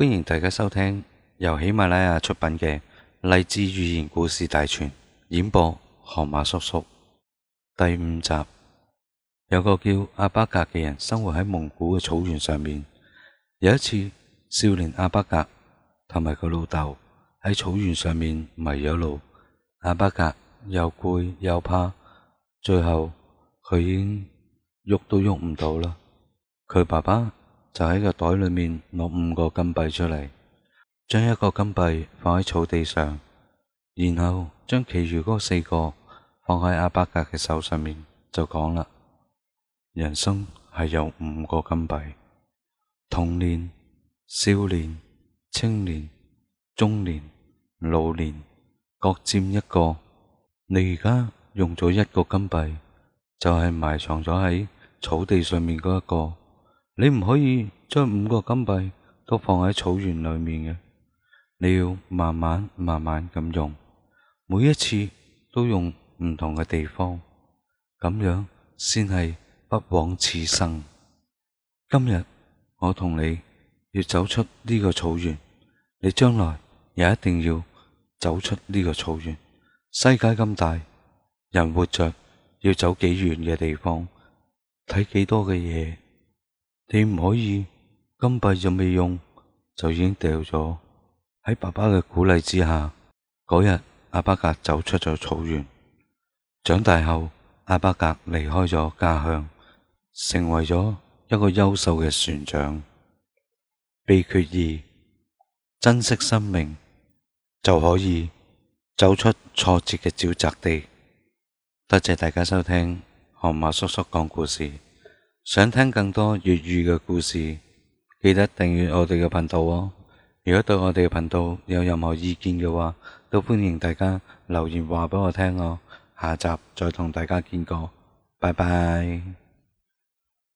歡迎大家收聽由喜馬拉雅出品嘅《勵志寓言故事大全》，演播河馬叔叔第五集。有個叫阿巴格嘅人，生活喺蒙古嘅草原上面。有一次，少年阿巴格同埋佢老豆喺草原上面迷咗路。阿巴格又攰又怕，最後佢已經喐都喐唔到啦。佢爸爸，就喺個袋裏面攞五個金幣出嚟，將一個金幣放喺草地上，然後將其餘嗰四個放喺阿伯格嘅手上面，就講啦：人生係有五個金幣，童年、少年、青年、中年、老年，各佔一個。你而家用咗一個金幣，就係埋藏咗喺草地上面嗰一個。你唔可以將五個金幣都放喺草原裏面嘅，你要慢慢、慢慢咁用，每一次都用唔同嘅地方，咁樣先係不枉此生。今日我同你要走出呢個草原，你將來也一定要走出呢個草原。世界咁大，人活着要走幾遠嘅地方，睇幾多嘅嘢。你唔可以金幣又未用就已經掉咗。喺爸爸嘅鼓勵之下，嗰日阿巴格走出咗草原。長大後，阿巴格離開咗家鄉，成為咗一個優秀嘅船長。秘訣二：珍惜生命，就可以走出挫折嘅沼澤地。多謝大家收聽河馬叔叔講故事。想聽更多粵語嘅故事，記得訂閱我哋嘅頻道哦。如果對我哋嘅頻道有任何意見嘅話，都歡迎大家留言話俾我聽哦。下集再同大家見過，拜拜。